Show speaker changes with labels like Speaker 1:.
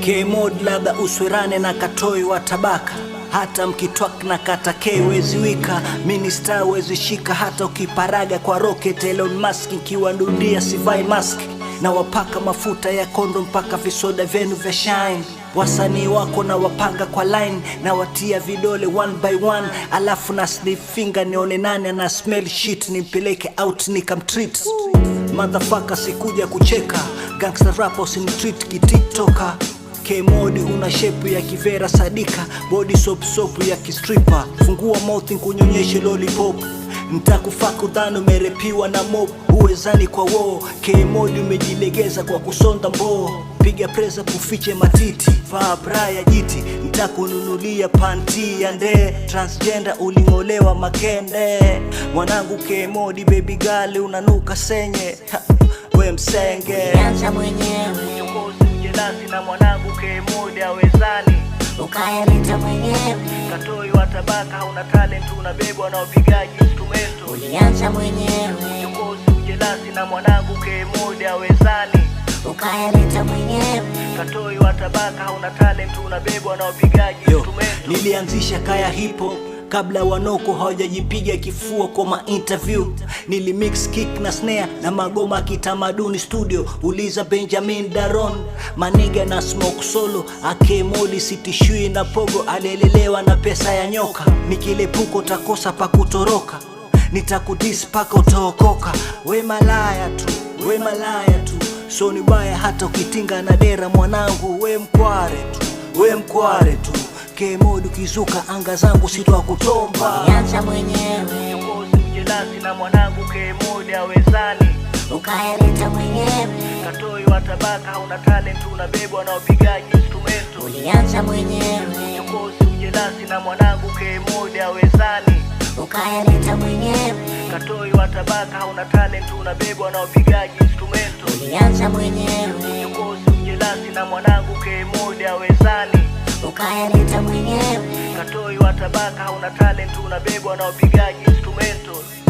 Speaker 1: Kmod labda uswirane na katoi wa tabaka hata mkitwak na katakei weziwika minista wezishika hata ukiparaga kwa rocket Elon Musk kiwandudia sivai mask na wapaka mafuta ya kondo mpaka visoda vyenu vya shine wasanii wako na wapanga kwa line na watia vidole one by one, alafu na snip finger nione nani ana smell shit nimpeleke out nikamtreat. Motherfucker sikuja kucheka, gangster rap usinitreat kitiktoka Kmod una shepu ya kivera sadika, body soap soap ya kistripa, fungua mouth kunyonyeshe lollipop Ntakufaka udhani umerepiwa na mob, uwezani kwa wo. kemodi umejilegeza kwa kusonda mboo, piga presa kufiche matiti, vaa braya ya jiti, ntakununulia panti ya ndee. Transgender uling'olewa makende, mwanangu kemodi baby gali unanuka senye we msenge
Speaker 2: anza
Speaker 3: mwenyewe klasi na mwanangu kemude awezani
Speaker 2: ukaeleta mwenyewe
Speaker 3: katoi wa tabaka una talent unabebwa na upigaji instrumento
Speaker 2: uliacha mwenyewe
Speaker 3: jokozi ujelasi na mwanangu kemude awezani
Speaker 2: ukaeleta mwenyewe
Speaker 3: katoi wa tabaka una talent unabebwa na upigaji instrumento
Speaker 1: nilianzisha kaya hipo kabla wanoko hawajajipiga kifua kwa ma Nili Nilimix kick na snare na magoma kitamaduni studio, uliza Benjamin Daron maniga na smoke solo akemodi sitishui na pogo, alielelewa na pesa ya nyoka. Nikilepuko takosa pa kutoroka, nitakudis paka utaokoka. We malaya tu, we malaya tu, so ni baya hata ukitinga na dera mwanangu, we mkware tu, we mkware tu K Mod ukizuka anga zangu sitoa kutomba.
Speaker 2: Nianza mwenyewe
Speaker 3: mjelasi na mwanangu K Mod awezani
Speaker 2: ukaeleta mwenyewe
Speaker 3: katoi wa tabaka una talent unabebwa na upigaji instrumento. Ulianza mwenyewe ukosi mjelasi na mwanangu K Mod awezani
Speaker 2: ukaeleta mwenyewe
Speaker 3: katoi wa tabaka una talent unabebwa na upigaji instrumento.
Speaker 2: Ulianza mwenyewe
Speaker 3: ukosi mjelasi na mwanangu K Mod awezani
Speaker 2: ukayaleta mwenyewe,
Speaker 3: katoi watabaka hauna talent, unabebwa na upigaji instrumento